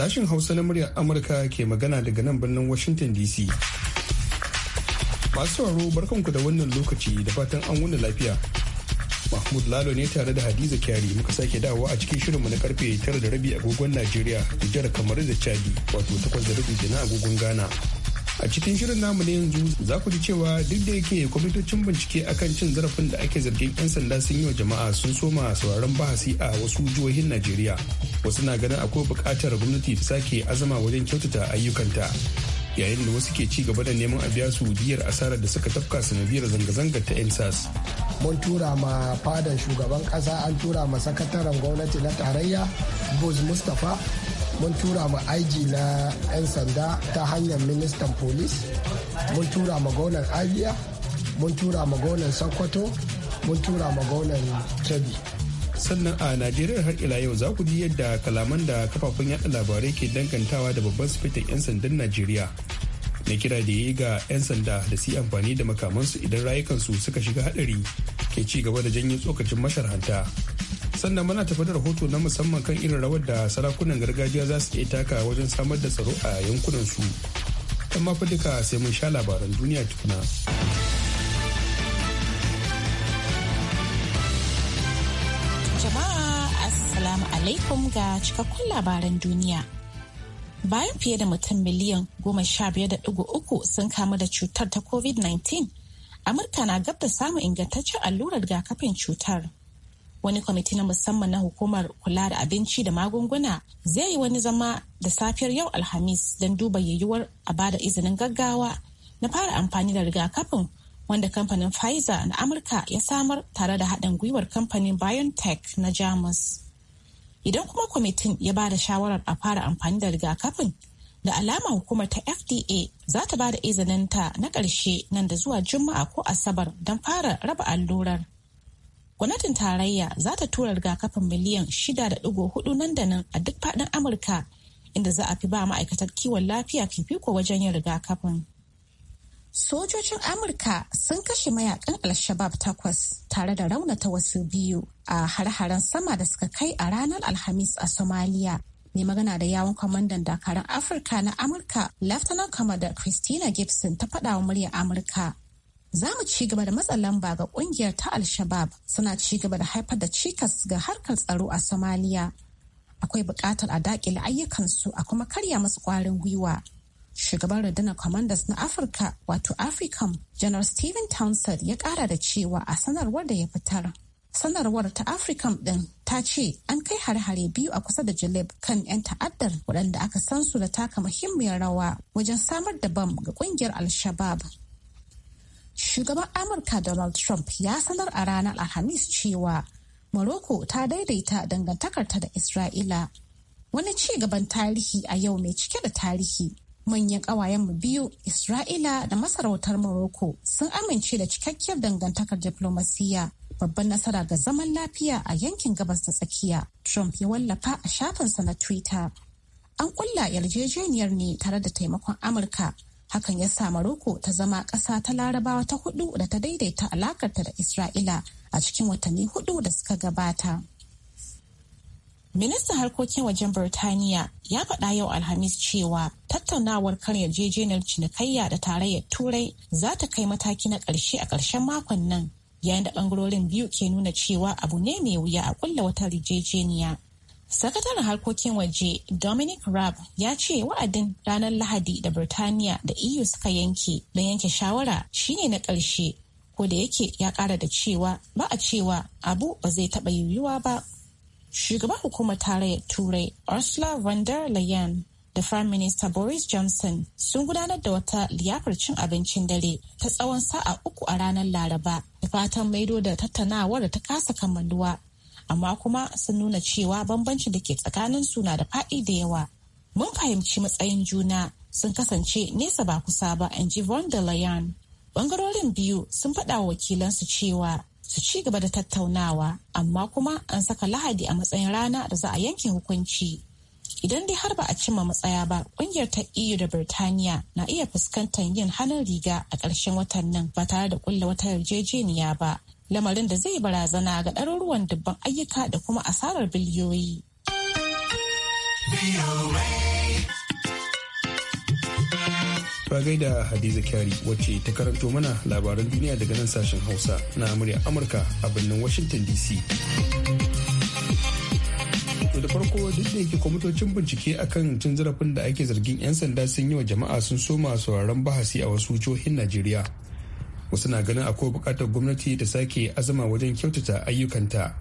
sashen Hausa na muryar Amurka ke magana daga nan birnin Washington DC. Masu sauraro barkanku da wannan lokaci da fatan an wuni lafiya. Mahmud Lalo ne tare da Hadiza Kyari muka sake dawowa a cikin shirinmu na karfe tara da rabi agogon Najeriya, da jihar kamaru da Chadi, wato takwas da rabi na agogon Ghana. a cikin shirin namu na yanzu za ku ji cewa duk da yake kwamitocin bincike akan cin zarafin da ake zargin 'yan sanda sun yi wa jama'a sun soma sauraron bahasi a wasu jihohin najeriya wasu na ganin akwai buƙatar gwamnati ta sake azama wajen kyautata ayyukanta yayin da wasu ke ci gaba da neman a biya su diyar asarar da suka tafka sanadiyar zanga-zangar ta ensas mun tura ma fadan shugaban kasa an tura ma sakataren gwamnati na tarayya buz mustapha mun tura ma IG na 'yan sanda ta hanyar ministan polis mun tura ma gaunar abia mun tura ma gonan sokoto mun tura ma gaunar kebbi sannan a najeriya har ila yau za ku ji yadda kalaman da kafafun yada labarai ke dangantawa da babban sifitin 'yan sandan najeriya na kira da ya yi ga 'yan sanda da su yi amfani da makamansu idan rayukansu suka shiga hadari ke ci gaba da janyo tsokacin masharhanta sannan muna tafi da rahoto na musamman kan irin rawar da sarakunan gargajiya za su iya taka wajen samar da tsaro a yankunansu amma fa duka sai mun sha labaran duniya tukuna. Jama'a Assalamu alaikum ga cikakkun labaran duniya. bayan fiye da mutum miliyan goma sha biyar da uku sun kamu da cutar ta covid-19 amurka na gab da samun ingantaccen allurar rigakafin cutar wani kwamiti na musamman na hukumar kula da abinci da magunguna zai yi wani zama da safiyar yau alhamis don duba yiwuwar a bada izinin gaggawa na fara amfani da rigakafin wanda kamfanin pfizer na amurka ya samar tare da haɗin gwiwar kamfanin biontech na jamus Idan kuma kwamitin ya ba da shawarar a fara amfani da rigakafin, da alama hukumar ta FDA za ta ba da izininta na ƙarshe nan da zuwa Juma'a ko Asabar don fara raba allurar. Gwamnatin tarayya za ta tura rigakafin miliyan hudu nan da nan a duk faɗin Amurka inda za a fi ba ma'aikatar kiwon lafiya fifiko wajen yin rigakafin. sojojin amurka sun kashe mayakan al-shabab takwas tare da raunata wasu biyu a har-haren sama da suka kai a ranar alhamis a Somalia mai magana da yawon kwamandan dakarun afirka na amurka lieutenant commander christina gibson ta faɗa wa muryar amurka za mu ci gaba da matsa lamba ga kungiyar ta al-shabab suna ci gaba da haifar da cikas ga harkar tsaro a Somalia. akwai buƙatar a daƙile ayyukansu a kuma karya masu ƙwarin gwiwa shugaban rundunar commanders na afirka wato africom janar steven townsend ya kara da cewa a sanarwar da ya fitar sanarwar ta africom din ta ce an kai hare-hare biyu a kusa da jaleb kan 'yan ta'addar waɗanda aka san su da taka muhimmiyar rawa wajen samar da bam ga ƙungiyar al-shabab shugaban amurka donald trump ya sanar a ranar alhamis cewa morocco ta daidaita dangantakarta da isra'ila wani ci gaban tarihi a yau mai cike da tarihi manyan ƙawayenmu biyu Isra'ila da masarautar Morocco sun amince da cikakkiyar dangantakar diflomasiyya babban nasara ga zaman lafiya a yankin gabas ta tsakiya. Trump ya wallafa a shafinsa na Twitter. An kulla yarjejeniyar ne tare da taimakon Amurka. Hakan ya sa Morocco ta zama ƙasa ta larabawa ta hudu da ta daidaita alakarta da Isra'ila a cikin watanni hudu da suka gabata. Ministan harkokin wajen Birtaniya ya faɗa yau Alhamis cewa tattaunawar kan yarjejeniyar cinikayya da tarayyar Turai za ta kai mataki na ƙarshe a ƙarshen makon nan yayin da ɓangarorin biyu ke nuna cewa abu ne mai wuya a ƙulla wata yarjejeniya. Sakataren harkokin waje Dominic Raab ya ce wa'adin ranar Lahadi da Birtaniya da EU suka yanke don yanke shawara shine na ƙarshe ko da yake ya ƙara da cewa ba a cewa abu ba zai taɓa yiwuwa ba shugaban hukumar tarayyar turai ursula von der leyen da Prime Minister Boris Johnson sun gudanar da wata liyafar cin abincin dare ta tsawon sa'a uku a ranar Laraba da fatan maido da tattaunawar da ta kasa kammaluwa. Amma kuma sun nuna cewa bambanci da ke tsakanin su na da faɗi da yawa. Mun fahimci matsayin juna sun kasance nesa ba kusa ba, in ji von der Leyen. Bangarorin biyu sun faɗa wakilansu cewa su ci gaba da tattaunawa amma kuma an saka lahadi a matsayin rana da za a yanke hukunci idan dai har ba a cimma matsaya ba kungiyar ta eu da birtaniya na iya fuskantar yin hannun riga a ƙarshen watan nan ba tare da ƙulla wata yarjejeniya ba lamarin da zai barazana ga ɗaruruwan dubban ayyuka da kuma asarar biliyoyi. ta gaida hadiza kyari wacce ta karanto mana labaran duniya daga nan sashen hausa na murya amurka a birnin washington dc da farko duk da yake kwamitocin bincike akan cin zarafin da ake zargin 'yan sanda sun yi wa jama'a sun soma sauraron bahasi a wasu jihohin najeriya wasu na ganin akwai bukatar gwamnati ta sake azama wajen kyautata ayyukanta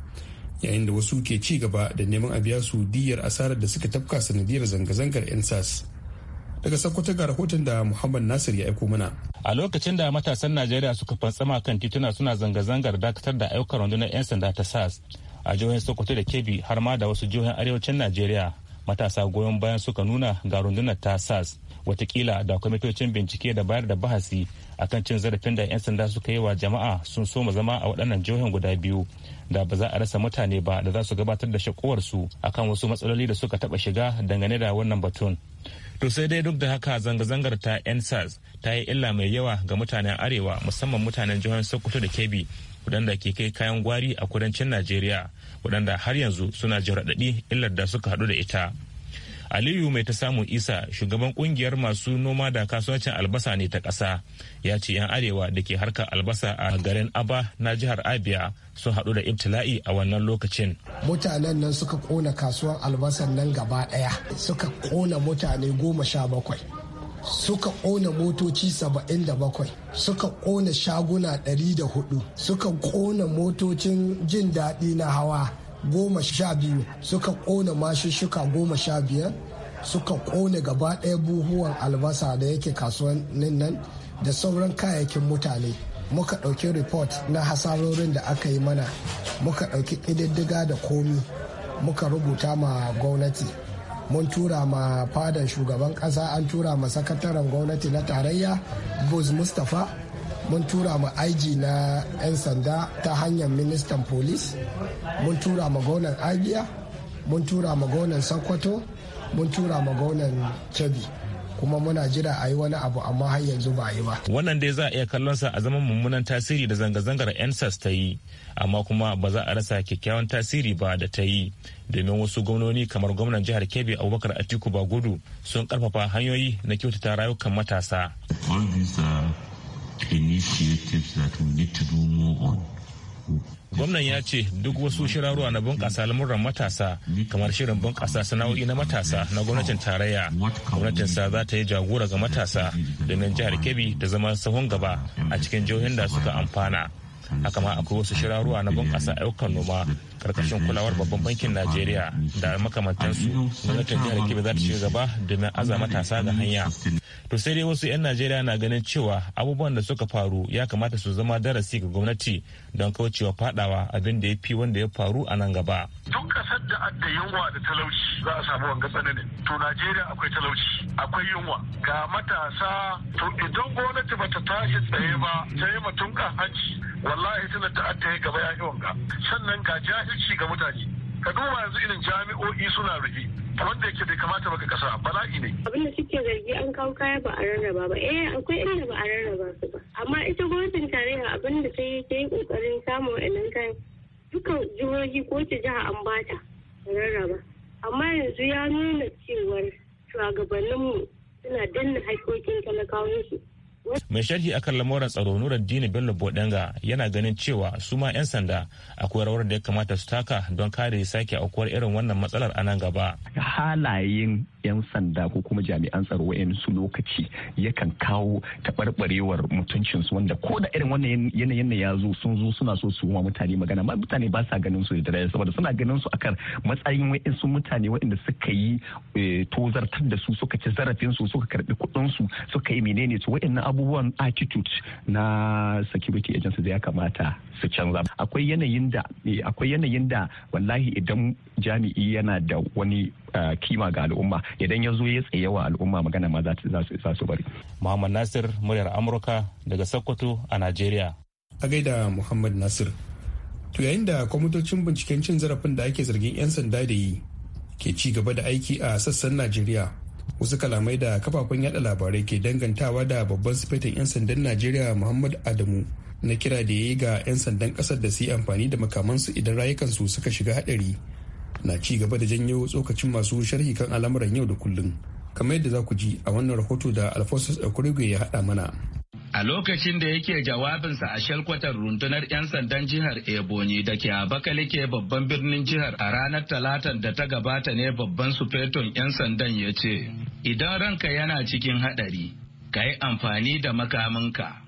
yayin da wasu ke ci gaba da neman a biya su diyar asarar da suka tafka sanadiyar zanga-zangar 'yan sas daga sakkwato ga rahoton da muhammad nasir ya aiko mana a lokacin da matasan najeriya suka fantsama kan tituna suna zanga-zangar dakatar da ayyukan rundunar 'yan sanda ta sas a jihohin sokoto da kebbi har ma da wasu jihohin arewacin najeriya matasa goyon bayan suka nuna ga rundunar ta sas watakila da kwamitocin bincike da bayar da bahasi akan cin zarafin da 'yan sanda suka yi wa jama'a sun soma zama a waɗannan jihohin guda biyu da ba za a rasa mutane ba da za su gabatar da shakowarsu akan wasu matsaloli da suka taɓa shiga dangane da wannan batun To sai dai duk da haka zanga-zangar ta NSAS ta yi illa mai yawa ga mutanen Arewa musamman mutanen jihar Sokoto da Kebbi waɗanda ke kai kayan gwari a kudancin Najeriya waɗanda har yanzu suna jin raɗaɗi illar da suka haɗu da ita. aliyu mai ta samu isa shugaban kungiyar masu noma da kasuwancin albasa ne ta ƙasa ya ce 'yan arewa da ke harkar albasa a garin aba na jihar abia sun haɗu da ibtila'i a wannan lokacin mutanen nan suka kona kasuwar albasan nan gaba ɗaya suka kona mutane goma sha bakwai suka kona motoci saba'in da bakwai. suka kona shaguna ɗari da hudu. suka kona motocin jin daɗi na hawa goma sha biyu suka kona mashushuka goma sha biyar suka kone gaba ɗaya buhuwan albasa da yake kasuwannin nan da sauran kayayyakin mutane muka ɗauki report na hasarorin da aka yi mana muka ɗauki ƙididdiga da komi muka rubuta ma gwamnati mun tura ma fadan shugaban ƙasa an tura ma sakataren gwamnati na tarayya buz mustapha mun tura ma IG na 'yan sanda ta hanyar ministan polis mun tura ma gonan agiya mun tura ma gonan sokoto mun tura ma gonan kebi kuma muna jira a yi wani abu amma har yanzu ba yi ba. Wannan dai za a iya kallon sa a zaman mummunan tasiri da zanga-zangar NSAS ta yi, amma kuma ba za a rasa kyakkyawan tasiri ba da ta yi. Domin wasu gwamnoni kamar gwamnan jihar Kebbi Abubakar Atiku Bagudu sun karfafa hanyoyi na kyautata rayukan matasa. Uh, gwamnan ya ce duk wasu shirarwa na bunƙasa lamuran matasa kamar shirin bunƙasa sana'o'i na matasa na gwamnatin tarayya gwamnatinsa za ta yi jagora ga matasa domin jihar kebbi ta zama sahun gaba a cikin jihohin da suka amfana haka ma akwai wasu shirarruwa na bunƙasa ayyukan noma karkashin kulawar babban bankin najeriya da makamantansu gwamnatin jihar kebbi za ta ci gaba domin aza matasa ga hanya to sai dai wasu 'yan najeriya na ganin cewa abubuwan da suka faru ya kamata su zama darasi ga gwamnati don kaucewa fadawa abin da ya fi wanda ya faru a nan gaba duk kasar da adda yunwa da talauci za a samu wanga tsananin to najeriya akwai talauci akwai yunwa ga matasa to idan gwamnati bata tashi tsaye ba ta yi mutum kan hanci wallahi tana ta ya gaba ya yi wanga sannan ga jahilci ga mutane ka duba yanzu irin jami'o'i suna rufe wanda yake bai kamata baka kasa bala'i ne abin da suke zargi an kawo kaya ba a rarraba ba eh akwai inda ba a rarraba su ba amma ita gwamnatin tarayya abin da ta yi ta yi kokarin samun wa'annan kayan dukkan jihohi ko ta jiha an bata rarraba amma yanzu ya nuna cewar shugabanninmu suna danna haƙƙoƙin talakawansu mai sharhi akan lamuran tsaro dini bello bodenga yana ganin cewa su ma 'yan sanda akwai rawar da ya kamata su taka don kare sake aukuwar irin wannan matsalar a nan gaba halayen 'yan sanda ko kuma jami'an tsaro su lokaci yakan kawo taɓarɓarewar mutuncinsu wanda ko da irin wannan yanayin ya zo sun zo suna so su ma mutane magana ma mutane ba sa ganin su da dare saboda suna ganin su akan matsayin su mutane waɗanda suka yi eh, tozartar da su suka ci zarafin su suka karɓi kuɗin su suka yi menene su waɗannan abubuwan attitude na security agency da ya kamata su canza akwai yanayin da eh, akwai yanayin da wallahi idan jami'i yana da wani eh, kima ga al'umma idan ya zo ya tsaye wa al'umma magana ma za su bari muhammad nasir muryar amurka daga sokoto a nigeria. a gaida muhammad nasir to yayin da kwamitocin binciken cin zarafin da ake zargin 'yan sanda da yi ke ci gaba da aiki a sassan najeriya wasu kalamai da kafafen yada labarai ke dangantawa da babban sifetin 'yan sandan najeriya muhammad adamu na kira da ya yi ga 'yan sandan kasar da su yi amfani da makamansu idan rayukansu suka shiga hadari na ci gaba da janyo tsokacin masu sharhi kan al'amuran yau da kullum kamar yadda za ku ji a wannan rahoto da alphonsus okorogo ya haɗa mana A lokacin da yake jawabinsa a shalkwatar rundunar 'yan sandan jihar Ebonyi da ke Abakalike babban birnin jihar a ranar Talatan da ta gabata ne babban sufeton 'yan sandan ya ce, Idan ranka yana cikin haɗari, ka yi amfani da makaminka,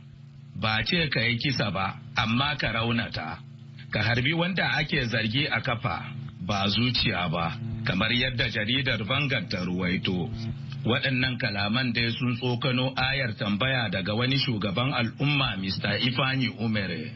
ba ce ka yi kisa ba, amma ka raunata, ka harbi wanda ake zargi a kafa, ba zuciya ba, kamar yadda jaridar bangar ta ruwaito. Waɗannan kalaman dai sun tsokano ayar tambaya daga wani shugaban al'umma Mr. Ifani Umere.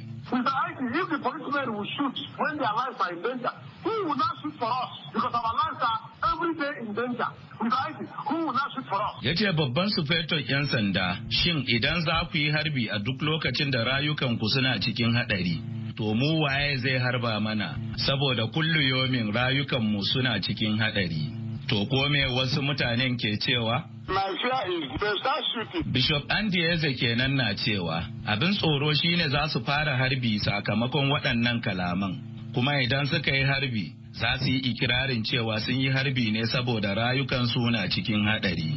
Ya ce babban sufeton 'yan sanda, shin idan za ku yi harbi a duk lokacin da rayukanku suna cikin haɗari. To mu waye zai harba mana, saboda kullu yomin rayukanmu suna cikin haɗari. To ko me wasu mutanen ke cewa? Bishop Andy Eze kenan na cewa abin tsoro shine za su fara harbi sakamakon waɗannan kalaman kuma idan suka yi harbi za su yi ikirarin cewa sun yi harbi ne saboda rayukan suna cikin haɗari.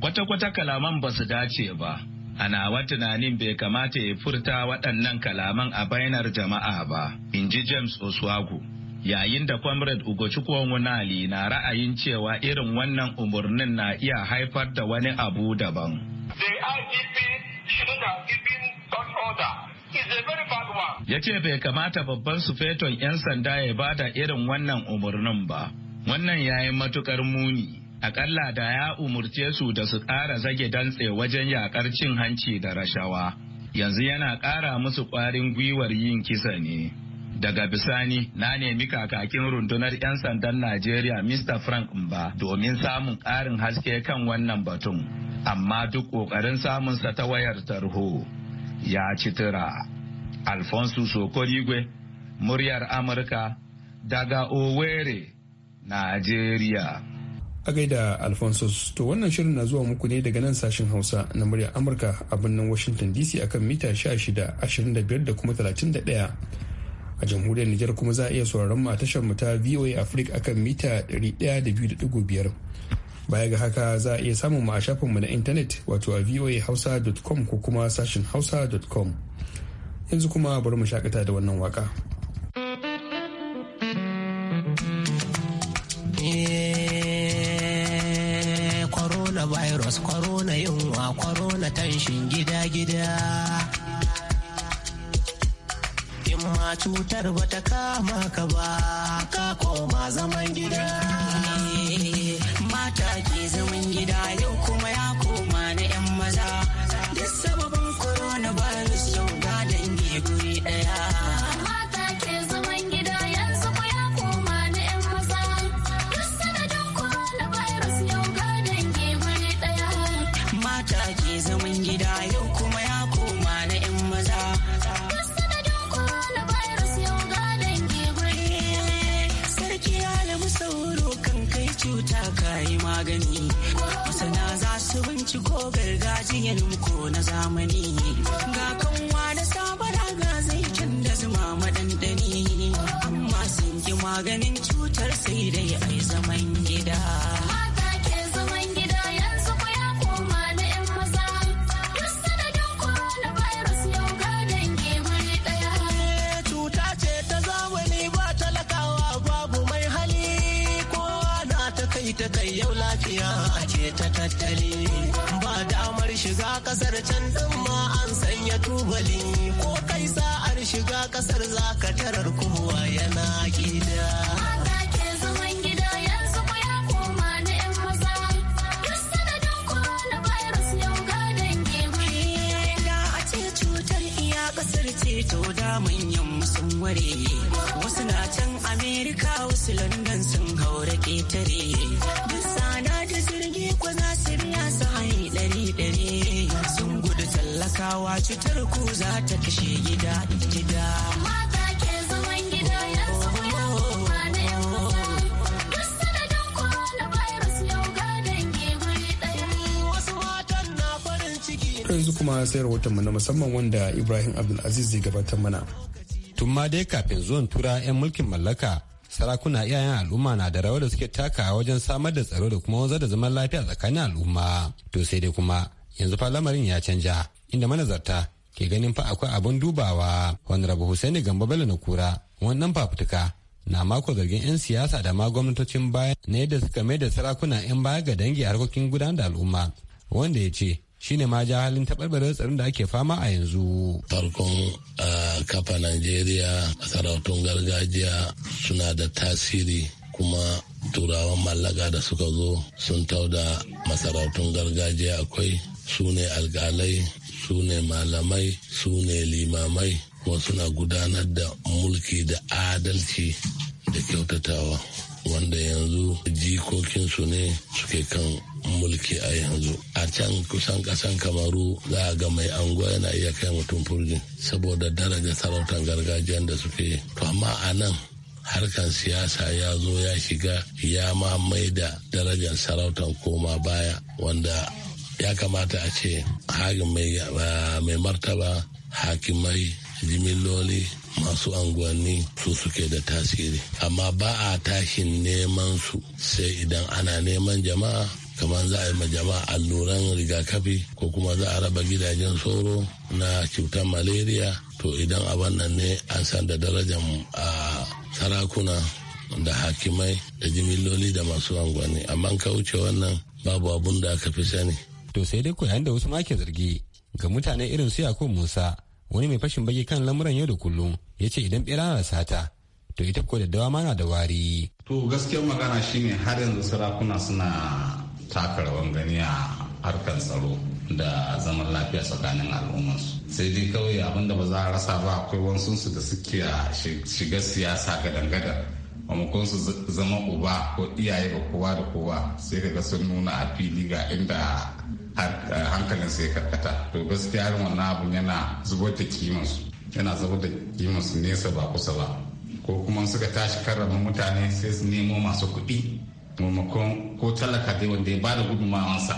Kwata-kwata kalaman ba su dace ba. Ana wa tunanin bai kamata ya furta waɗannan kalaman a bainar jama'a ba, in ji James Oswago. yayin da comrade ugochukwu wunali na ra'ayin cewa irin wannan umarnin na iya haifar da wani abu daban ya ce bai kamata babban sufeton 'yan sanda ya da irin wannan umarnin ba wannan ya matukar muni akalla da ya umurce su da su ƙara zage dantse wajen yaƙar cin hanci da rashawa yanzu yana ƙara musu ƙwarin gwiwar yin kisa ne Daga bisani na nemi kakakin rundunar 'yan sandan Najeriya Mr. Frank Mba domin samun ƙarin haske kan wannan batun, amma duk ƙoƙarin samunsa ta wayar tarho ya ci tura. Alfonso Sokorigwe, muryar Amurka, daga Owerri, Najeriya. a gaida Alfonso, to wannan shirin na zuwa muku ne daga nan sashen hausa na muryar amurka a birnin washington dc akan mita 16 25 da kuma 31 a jamhuriyar Nijar kuma za a iya sauraron mu a tashar mu ta VOA Africa akan mita 102.5 baya ga haka za a iya samun mu a shafin mu na intanet wato a voahausa.com ko kuma sashin hausa.com yanzu kuma bari mu shakata da wannan waka eh, Corona virus, corona yunwa, corona tanshin gida-gida. ma cutar bata kama ka ba ka koma zaman gida mata ke zaman gida yau kuma ya gargajiyan ko na zamani ita kai yau lafiya a ce ta tattali ba damar shiga kasar can din ma an sanya tubali ko kai sa'ar shiga kasar zaka tarar kowa yana gida. kasar ce to da manyan sun ware wasu na can amerika wasu london sun haura ƙetare. duk da jirgi ko za su su hai ɗari ɗari sun gudu tallakawa cutar ku za ta kashe gida gida yanzu kuma sayar rahotonmu na musamman wanda Ibrahim Abdulaziz zai gabatar mana. tun ma dai kafin zuwan tura 'yan mulkin mallaka sarakuna iyayen al'umma na da rawar da suke taka wajen samar da tsaro da kuma wanzar da zaman lafiya tsakanin al'umma to sai dai kuma yanzu fa lamarin ya canja inda manazarta ke ganin fa akwai abun dubawa Wani rabu Hussaini Gambo Bello na kura wannan fafutuka na mako zargin 'yan siyasa da ma gwamnatocin baya na yadda suka mai da sarakuna 'yan baya ga dangi harkokin gudanar da al'umma wanda ya ce shine ma ja halin taɓarɓarin tsarin da ake fama a yanzu. Farkon a kafa Najeriya sarautun gargajiya suna da tasiri kuma turawan mallaka da suka zo sun tau da masarautun gargajiya akwai su ne sune su ne malamai su ne limamai kuma suna gudanar da mulki da adalci da kyautatawa wanda yanzu jikokinsu ne suke kan mulki a yanzu a can kusan kasan kamaru za a ga mai anguwa yana iya kai mutum furjin saboda daraja sarautar gargajiyar da suke to amma a nan harkar siyasa ya zo ya shiga ya ma mai da darajar sarautar koma baya wanda ya kamata a ce hagin ah, mai martaba hakimai jimilloli masu anguwanni su suke da tasiri amma ba a tashin neman su sai idan ana neman jama'a kamar za a yi ma jama'a alluran rigakafi ko kuma za a raba gidajen sauro na cutar malaria to idan a wannan ne an san da darajar a sarakuna da hakimai da jimilloli da masu anguwanni amma ka wuce wannan babu abun da aka fi sani to sai dai koyan da wasu ma ke zargi ga mutane irin su yakun musa wani mai fashin baki kan lamuran yau da kullum ya ce idan bera na sata to ita ko daddawa ma na da wari. to gaskiyar magana shine har yanzu sarakuna suna taka rawan gani a harkar tsaro da zaman lafiya tsakanin al'ummarsu sai dai kawai abinda ba za a rasa ba akwai wasu da suke shiga siyasa gadan-gadan mamakon su zama uba ko iyaye ga kowa da kowa sai ka ga sun nuna a fili ga inda hankalin sai karkata to gaskiya irin wannan abun yana zubar da kimansu yana zubar da kimansu nesa ba kusa ba ko kuma suka tashi karrama mutane sai su nemo masu kuɗi maimakon ko talaka dai wanda ya ba da gudunmawansa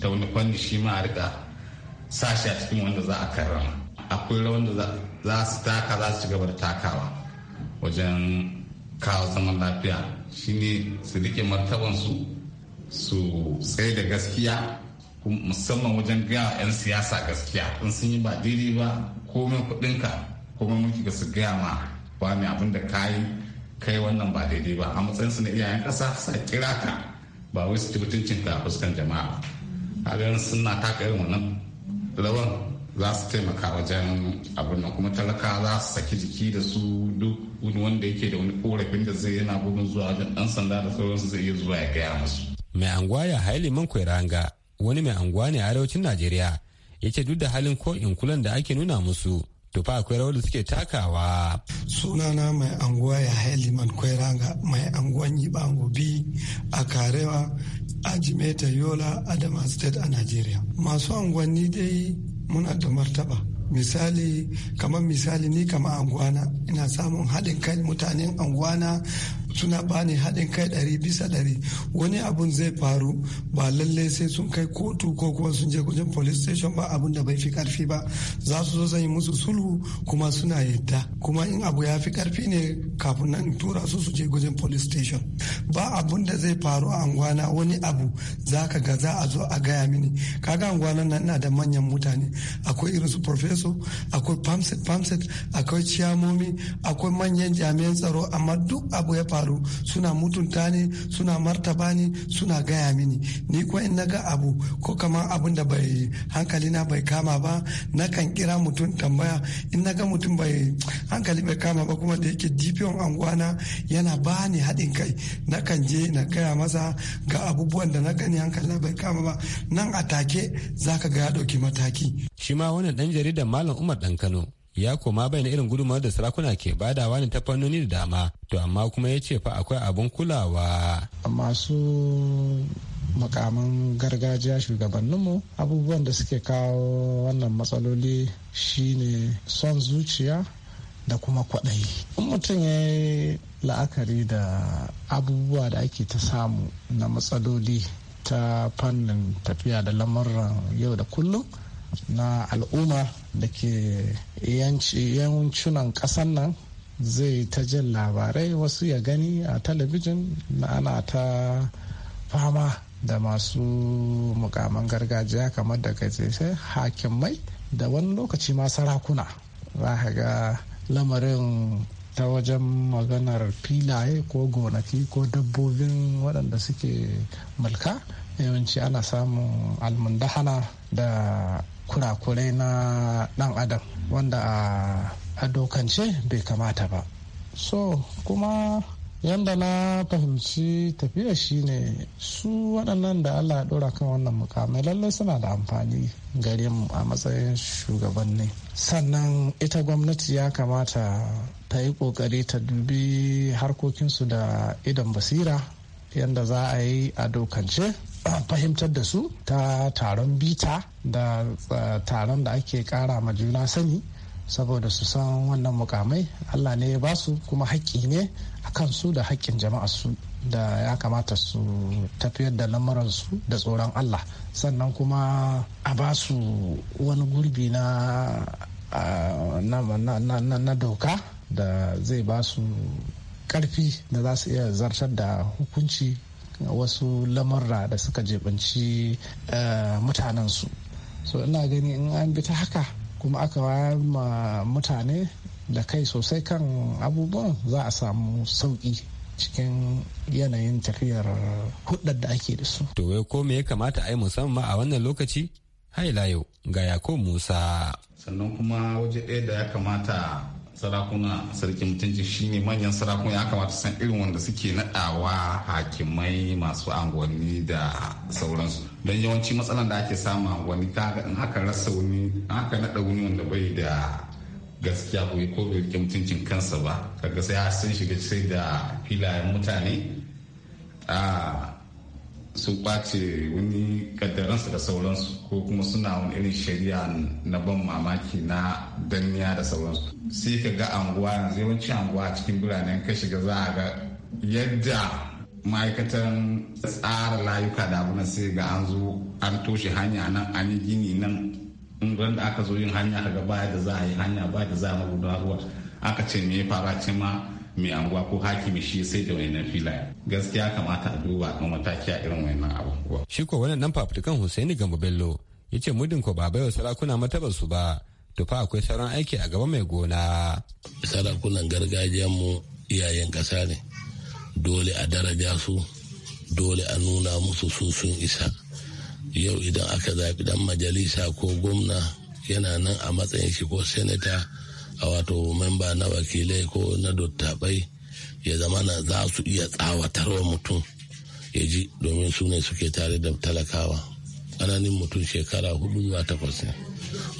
ta wani fanni shi ma a rika sashi a cikin wanda za a karrama akwai rawan da za su taka za su ci gaba da takawa wajen kawo zaman lafiya shine su rike martabansu su tsaye da gaskiya musamman wajen gaya 'yan siyasa gaskiya in sun yi ba daidai ba komai kudinka komai mulki ga su gaya ma ba mai abin da kayi kai wannan ba daidai ba a matsayin su na iyayen kasa sa kira ka ba wai su ci mutuncin ka a fuskan jama'a a suna taka irin wannan rawan za su taimaka wajen abin nan kuma talaka za su saki jiki da su duk wanda yake da wani korafin da zai yana gudun zuwa wajen dan sanda da sauransu zai iya zuwa ya gaya musu. mai anguwa ya haili man kwairanga wani mai anguwa ne a arewacin najeriya ya ce duk da halin ko in kulan da ake nuna musu to fa akwai rawar da suke takawa. sunana mai anguwa ya haili man kwairanga mai anguwan yi bango a karewa ajimeta yola adama state a nigeria masu angwanni dai muna da martaba misali kamar misali ni kama angwana ina samun haɗin kai mutanen angwana suna bani haɗin kai ɗari bisa ɗari wani abun zai faru ba lalle sai sun kai kotu ko kuma sun je wajen police station ba abun da bai fi karfi ba za su zo zan yi musu sulhu kuma suna yadda kuma in abu ya fi karfi ne kafin nan tura su su je wajen police station ba abun da zai faru a angwana wani abu za ka ga za a zo a gaya mini kaga angwana nan na da manyan mutane akwai irin su professor akwai pamset pamset akwai ciyamomi akwai manyan jami'an tsaro amma duk abu ya faru faru suna mutunta ni suna martaba ni suna gaya mini ni kuma in naga abu ko kamar abin da bai hankali na bai kama ba kan kira mutum tambaya in naga mutum bai hankali bai kama ba kuma da yake dipiyon anguwana yana ba ni haɗin kai kan je na gaya masa ga abubuwan da na gani hankali na bai kama ba nan a take zaka ga ya ɗauki mataki. shi ma wannan ɗan jarida malam umar ɗan kano ya koma bayan irin gudunmawar da sarakuna ke badawa ne ta fannoni da dama to amma kuma ya ce fa akwai abun kulawa masu makaman gargajiya shugabanninmu abubuwan da suke kawo wannan matsaloli shine son zuciya da kuma kwaɗayi in mutum ya yi la'akari da abubuwa da ake ta samu na matsaloli ta fannin tafiya da lamuran yau da kullum na al'umma da ke yancunan kasan nan zai ta jin labarai wasu ya gani a talabijin na ana ta fama da masu mukaman gargajiya kamar da gajefe hakimai da wani lokaci ma sarakuna za ka ga lamarin ta wajen maganar filaye ko gonaki ko dabbobin waɗanda suke mulka yawanci ana samun almundahana da kurakurai na dan adam wanda a dokance bai kamata ba so kuma yadda na fahimci tafiya shine su waɗannan da allah ɗora kan wannan mukamai lallai suna da amfani gare mu a matsayin shugabanni sannan ita gwamnati ya kamata ta yi ƙoƙari ta dubi harkokinsu da idan basira yadda za a yi a dokance fahimtar da su ta taron bita da eh, taron da ake kara ma juna sani saboda su san wannan mukamai allah ne ya basu kuma haƙƙi ne a kansu da haƙƙin jama'a su da ya kamata su tafiyar da lamuransu da tsoron allah sannan kuma a basu wani gurbi eh, na na doka da zai basu karfi da za su iya zartar da hukunci wasu lamurra da suka jebanci eh, mutanensu so ina gani in an bi ta haka kuma aka wayar ma mutane da kai sosai kan abubuwan za a samu sauki cikin yanayin tafiyar hudar da ake da su. To wai ko me ya kamata a yi musamman a wannan lokaci? Haila yau ga yako Musa. Sannan kuma waje ɗaya da ya kamata sarakuna sarki mutunci shine manyan sarakuna ya kamata san irin wanda suke nadawa hakimai masu angwanni da sauransu don yawanci matsalar da ake sama wani kaga in haka rasa wani haka nada wani wanda bai da gaskiya ko ko bai rike mutuncin kansa ba kaga sai sun shiga sai da filayen mutane a ah, sun kwace wani kaddaransu da sauransu ko kuma suna wani irin shari'a na ban mamaki na danniya da sauransu sai ka ga anguwa yanzu yawancin anguwa a cikin biranen ka shiga za a ga yadda ma'aikatan tsara layuka da na sai ga an zo an toshe hanya nan an yi gini nan in ran da aka zo yin hanya daga baya da za a yi hanya baya da za a magudanar ruwa aka ce me ya fara ce ma mai anguwa ko hakimi shi sai da wayannan fila gaskiya kamata a duba a mataki a irin wayannan abubuwa shi ko wani nan fafutukan Hussaini Gambo Bello yace mudin ko ba baiwa sarakuna matabar su ba tufa akwai sauran aiki a gaba mai gona sarakunan gargajiyan mu iyayen ƙasa ne dole a daraja su dole a nuna musu su sun isa yau idan aka zaɓi dan majalisa ko gwamna yana nan a matsayin shi ko senator a wato memba na wakilai ko na dottabai ya zama na za su iya tsawatarwa mutum ya ji domin su ne suke tare da talakawa ƙananin mutum shekara hudu zuwa takwas ne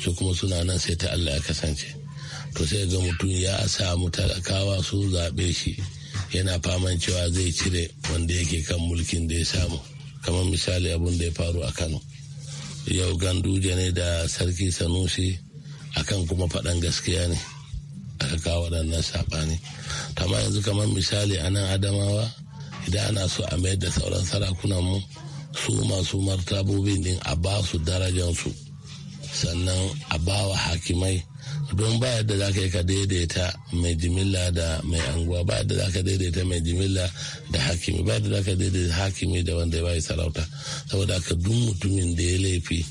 su kuma suna nan sai ta allah ya kasance to sai ga mutum ya samu talakawa su zaɓe shi yana faman cewa zai cire wanda yake kan mulkin da ya samu kamar misali abin da ya faru a kano yau ganduje ne da sarki sanusi akan kuma faɗan gaskiya ne aka kawo waɗannan saɓani amma yanzu kamar misali a nan adamawa idan ana so a mayar da sauran sarakunan mu su masu martabobi din a ba su darajansu sannan a ba wa hakimai don ba yadda za ka yi ka daidaita mai jimilla da mai anguwa ba yadda za ka daidaita mai jimilla da hakimi ba yadda za ka daidaita hakimi da wanda ya bayi sarauta saboda haka duk mutumin da ya laifi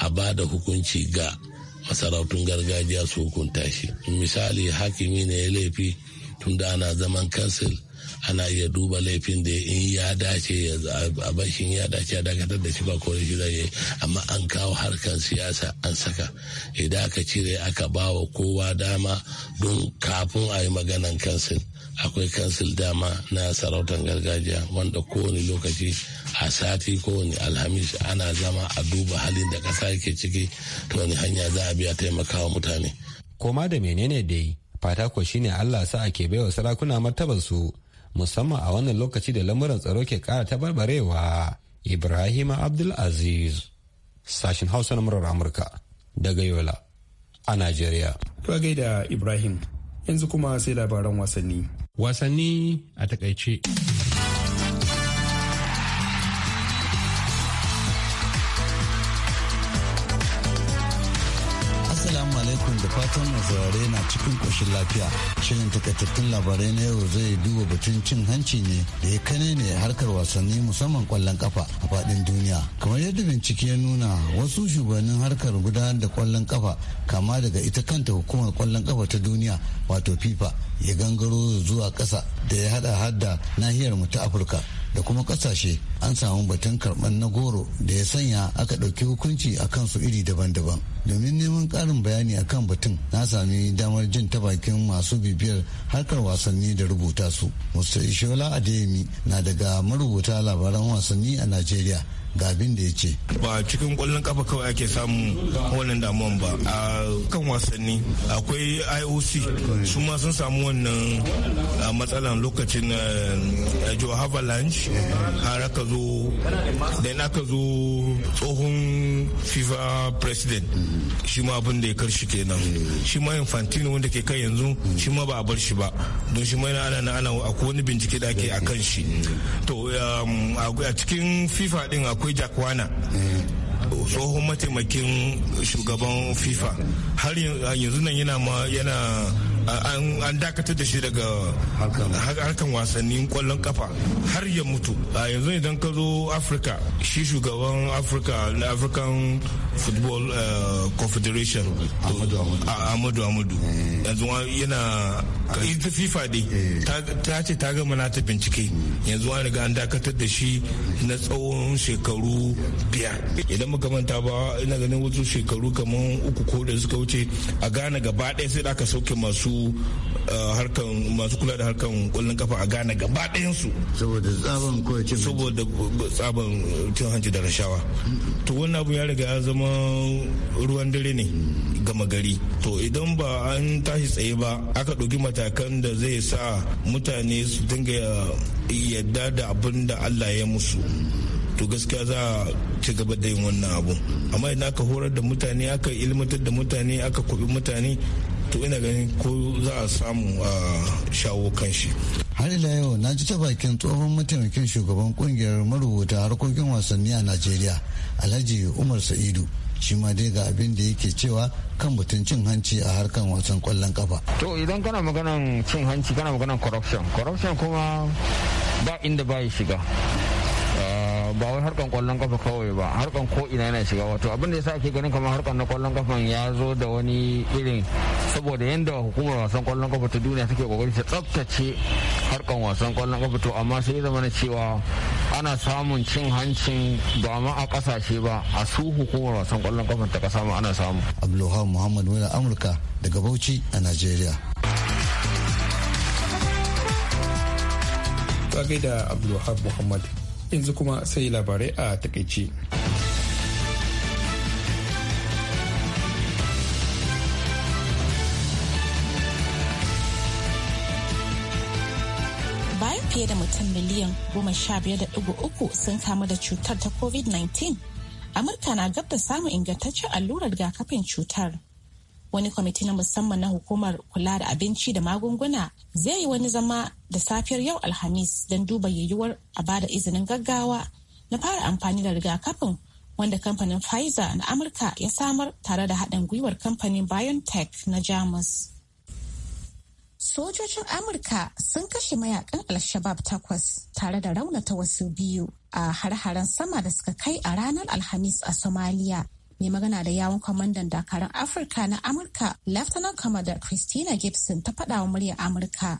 a ba da hukunci ga masarautun gargajiya su hukunta shi misali hakimi ne ya laifi tun da ana zaman kansil ana iya duba laifin da in ya dace ya abashin ya dace ya dakatar da shi ba kore shi zai amma an kawo harkan siyasa an saka idan aka cire aka ba wa kowa dama don kafin a yi maganan kansil akwai kansil dama na sarautar gargajiya wanda kowane lokaci a sati kowane alhamis ana zama a duba halin da ƙasa yake ciki ta wani hanya za a biya taimakawa mutane. koma da menene dai fata ko shine allah sa ake wa sarakuna martabar su musamman a wannan lokaci da lamuran tsaro ke kara tabarbarewa ibrahim abdulaziz sashen hausa na murar amurka daga yola a najeriya to gaida ibrahim yanzu kuma sai labaran wasanni wasanni a takaice fatan masaurare na cikin koshin lafiya shirin takaitattun labarai na yau zai duba batun cin hanci e ne da ya kane ne harkar wasanni musamman kwallon kafa a fadin duniya kamar yadda e bincike ya nuna wasu shugabannin harkar gudanar da kwallon kafa kama daga ita kanta hukumar kwallon kafa ta duniya wato fifa ya e gangaro zuwa ƙasa da ya hada hadda nahiyar mu ta afirka da kuma kasashe an samu batun karɓar na goro da ya sanya aka ɗauki hukunci a kansu iri daban-daban domin neman ƙarin bayani a kan batun na sami damar jin ta bakin masu bibiyar harkar wasanni da rubuta su musta ishola adeyemi na daga marubuta labaran wasanni a najeriya ga abin da ya ce ba cikin kwallon kafa kawai ake samun wannan damuwan ba a kan wasanni akwai ioc su ma sun samu wannan matsalan lokacin eh, joe Havalanche har aka zo da aka zo tsohon fifa president shi ma abin da ya karshi kenan shi ma infantino wanda ke kai yanzu shi ma ba a bar shi ba don shi ma yana ana ana akwai wani bincike da ake a kan shi to um, a cikin fifa din akwai akwai jakwana tsohon mataimakin shugaban fifa har yanzu nan yana an dakatar da shi daga harkan wasannin kwallon kafa har ya mutu a yanzu idan ka zo afirka shi shugaban afirka na african football eh, confederation amadu amadu eh. yanzu yana ita fifa dai eh. ta ce ta gama ta bincike yanzu an riga an dakatar da shi na tsawon shekaru biyar idan muka manta ba ina ganin wasu shekaru kamar uku ko da suka wuce a gane gaba ɗaya sai da aka sauke masu masu harkan masu kula da harkan kwallon kafa a Ghana gaba ɗayansu. Saboda tsaban kowace cin Saboda tsaban cin hanci da rashawa. To wannan abu ya riga ya zama ruwan dare ne gama gari. To idan ba an tashi tsaye ba aka ɗauki matakan da zai sa mutane su dinga yadda da abin da Allah ya musu. to gaskiya za a ci gaba da yin wannan abu amma idan aka horar da mutane aka ilmantar da mutane aka kuɓi mutane to ina ganin ko za a samu a shawo kan shi har ila yau na ji ta bakin tsohon mataimakin shugaban kungiyar marubuta harkokin wasanni a najeriya alhaji umar sa'idu shi ma dai ga abin da yake cewa kan batun cin hanci a harkan wasan kwallon kafa. To idan kana maganan cin hanci kana maganan corruption. Corruption kuma ba inda ba shiga. ba wai harkan kwallon kafa kawai ba harkan ko ina yana shiga wato abin da sa ake ganin kamar harkan na kwallon kafan ya zo da wani irin saboda yadda hukumar wasan kwallon kafa ta duniya take kokari ta tsaftace harkan wasan kwallon kafa to amma sai zama na cewa ana samun cin hancin ba ma a kasashe ba a su hukumar wasan kwallon kafa ta kasa ma ana samu abdulhamu muhammad wani amurka daga bauchi a nigeria ka da abdulwahab muhammad yanzu kuma sai labarai a takaice. bayan fiye da mutum miliyan goma sha biyar da ɗigo uku sun kamu da cutar ta covid-19 amurka na gab da samun ingantaccen allurar rigakafin cutar wani kwamiti na musamman na hukumar kula da abinci da magunguna zai yi wani zama da safiyar yau alhamis don duba yiwuwar a bada izinin gaggawa na fara amfani da rigakafin wanda kamfanin pfizer na amurka ya samar tare da haɗin gwiwar kamfanin biontech na jamus sojojin amurka sun kashe mayakan al-shabab takwas tare da raunata wasu biyu a har-haren sama da suka kai a ranar alhamis a somaliya mai magana da yawun kwamandan dakarun afirka na amurka lieutenant commander christina gibson ta faɗa wa muryar amurka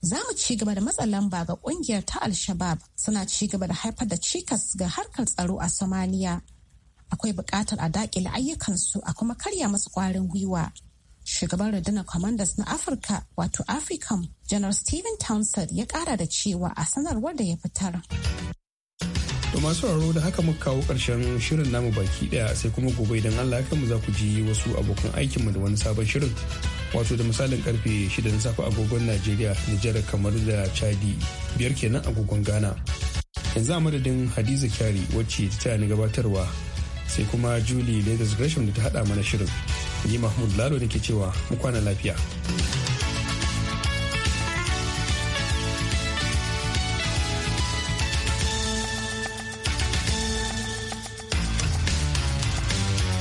za mu ci gaba da matsa lamba ga kungiyar ta al-shabab suna ci gaba da haifar da cikas ga harkar tsaro a samaniya akwai buƙatar a daƙile ayyukansu a kuma karya masu ƙwarin gwiwa shugaban rundunar commanders na afirka wato africom janar stephen townsend ya ƙara da cewa a sanarwar da ya fitar To masu sauraro da haka muka kawo karshen shirin namu baki ɗaya sai kuma gobe idan Allah ya mu za ku ji wasu abokan aikinmu da wani sabon shirin. Wato da misalin karfe 6 na safe agogon Najeriya, Nijar kamar da Chadi, biyar kenan agogon Ghana. Yanzu a madadin Hadiza Kyari wacce ta ni gabatarwa sai kuma Julie Lagos Gresham da ta haɗa mana shirin. Ni Mahmud Lalo nake ke cewa mu kwana lafiya.